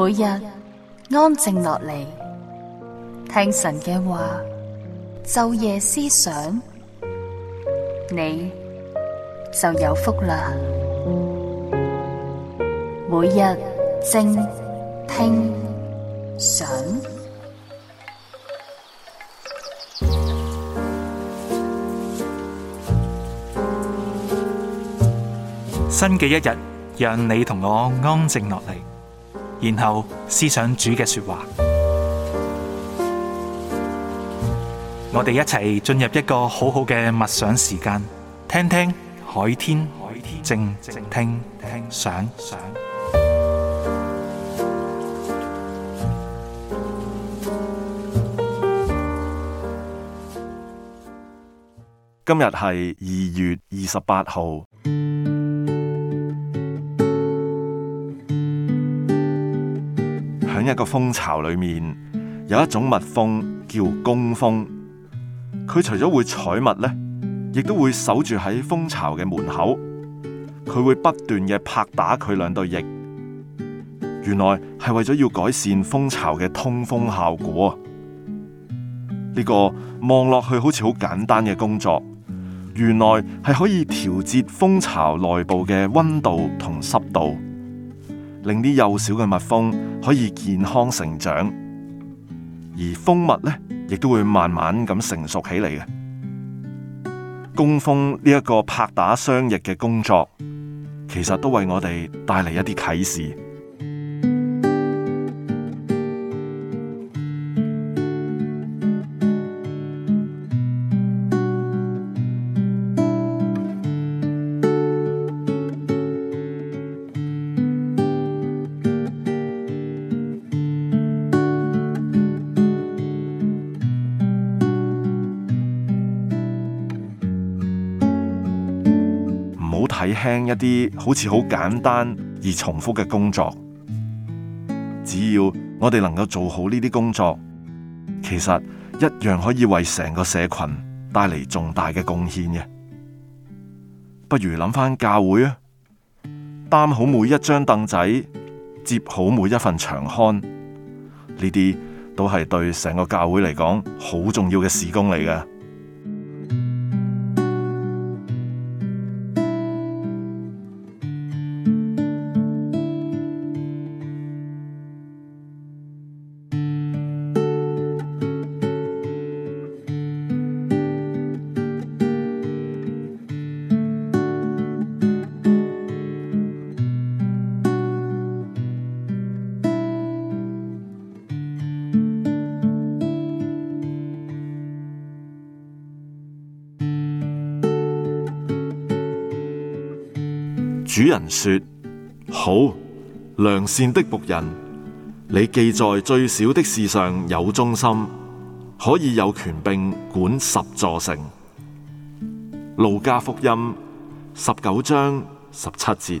每日安靜落嚟，聽神嘅話，晝夜思想，你就有福啦。每日靜聽想，新嘅一日，讓你同我安靜落嚟。然後思想主嘅說話，嗯、我哋一齊進入一個好好嘅默想時間，聽聽海天海天，靜靜聽聽想想。今日係二月二十八號。喺一個蜂巢裏面，有一種蜜蜂叫工蜂，佢除咗會採蜜咧，亦都會守住喺蜂巢嘅門口，佢會不斷嘅拍打佢兩對翼，原來係為咗要改善蜂巢嘅通風效果。呢個望落去好似好簡單嘅工作，原來係可以調節蜂巢內部嘅溫度同濕度。令啲幼小嘅蜜蜂可以健康成長，而蜂蜜咧亦都會慢慢咁成熟起嚟嘅。工蜂呢一個拍打雙翼嘅工作，其實都為我哋帶嚟一啲啟示。睇輕一啲好似好簡單而重複嘅工作，只要我哋能夠做好呢啲工作，其實一樣可以為成個社群帶嚟重大嘅貢獻嘅。不如諗翻教會啊，擔好每一張凳仔，接好每一份場刊，呢啲都係對成個教會嚟講好重要嘅事工嚟嘅。主人說：好，良善的僕人，你既在最小的事上有忠心，可以有權柄管十座城。路加福音十九章十七節。